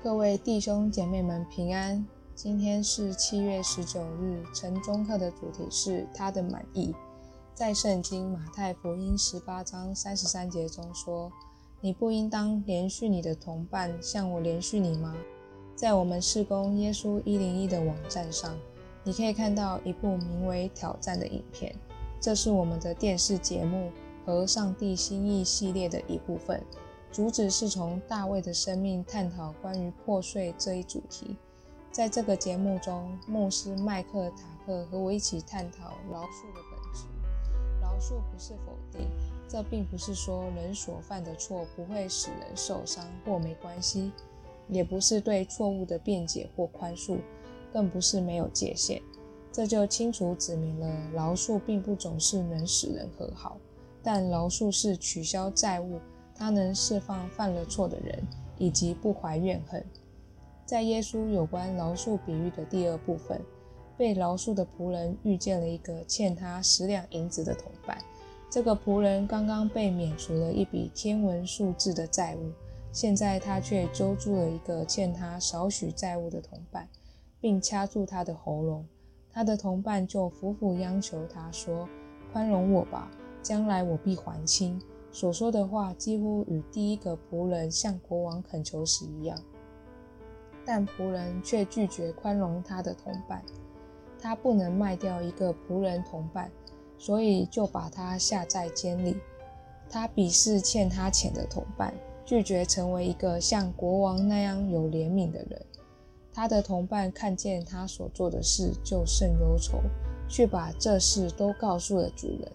各位弟兄姐妹們平安！今天是七月十九日，晨鐘課的主題是祂的滿溢。在聖經馬太福音十八章三十三節中說：“你不應當憐恤你的同伴像我憐恤你嗎？”在我們事工耶穌一零一的網站上，你可以看到一部名為《挑戰》的影片，這是我們的電視節目和上帝心意系列的一部分。主旨是從大衛的生命探討關於破碎這一主題。在這個節目中，牧師麥克塔克和我一起探討饒恕的本質。饒恕不是否定，這並不是說人所犯的錯不會使人受傷或沒關係，也不是對錯誤的辯解或寬恕，更不是沒有界限。這就清楚指明了饒恕並不總是能使人和好，但饒恕是取消債務。他能釋放犯了錯的人，以及不懷怨恨。在耶穌有關饒恕比喻的第二部分，被饒恕的僕人遇見了一個欠他十兩銀子的同伴。這個僕人剛剛被免除了一筆天文數字的債務，現在他卻揪住了一個欠他少許債務的同伴，並掐住他的喉嚨。他的同伴就苦苦央求他說：“寬容我吧，將來我必還清。”所說的話幾乎與第一個僕人向國王懇求時一樣，但僕人卻拒絕寬容他的同伴。他不能賣掉一個僕人同伴，所以就把他下在監裡。他鄙視欠他錢的同伴，拒絕成為一個像國王那樣有憐憫的人。他的同伴看見他所做的事，就甚憂愁，卻把這事都告訴了主人。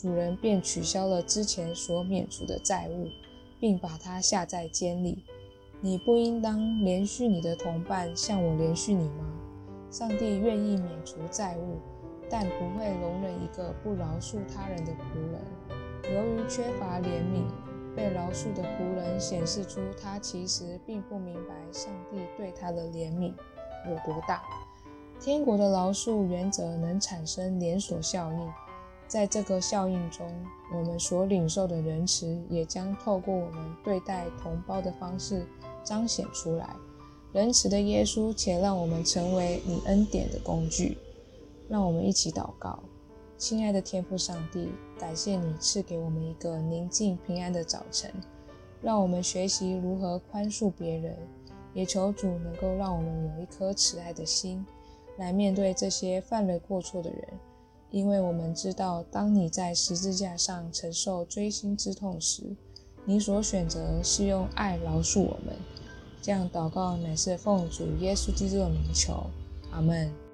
主人便取消了之前所免除的債務，並把他下在監裡。你不應當憐恤你的同伴，像我憐恤你嗎？上帝願意免除債務，但不會容忍一個不饒恕他人的僕人。由於缺乏憐憫，被饒恕的僕人顯示出他其實並不明白上帝對他的憐憫有多大。天國的饒恕原則能產生連鎖效應。在這個效應中，我們所領受的仁慈也將透過我們對待同胞的方式彰顯出來。仁慈的耶穌，且讓我們成為你恩典的工具。讓我們一起禱告，親愛的天父上帝，感謝你賜給我們一個寧靜平安的早晨。讓我們學習如何寬恕別人，也求主能夠讓我們有一顆慈愛的心，來面對這些犯了過錯的人。因為我們知道，當你在十字架上承受錐心之痛時，你所選擇是用愛饒恕我們。這樣禱告乃是奉主耶穌基督的名求，阿門。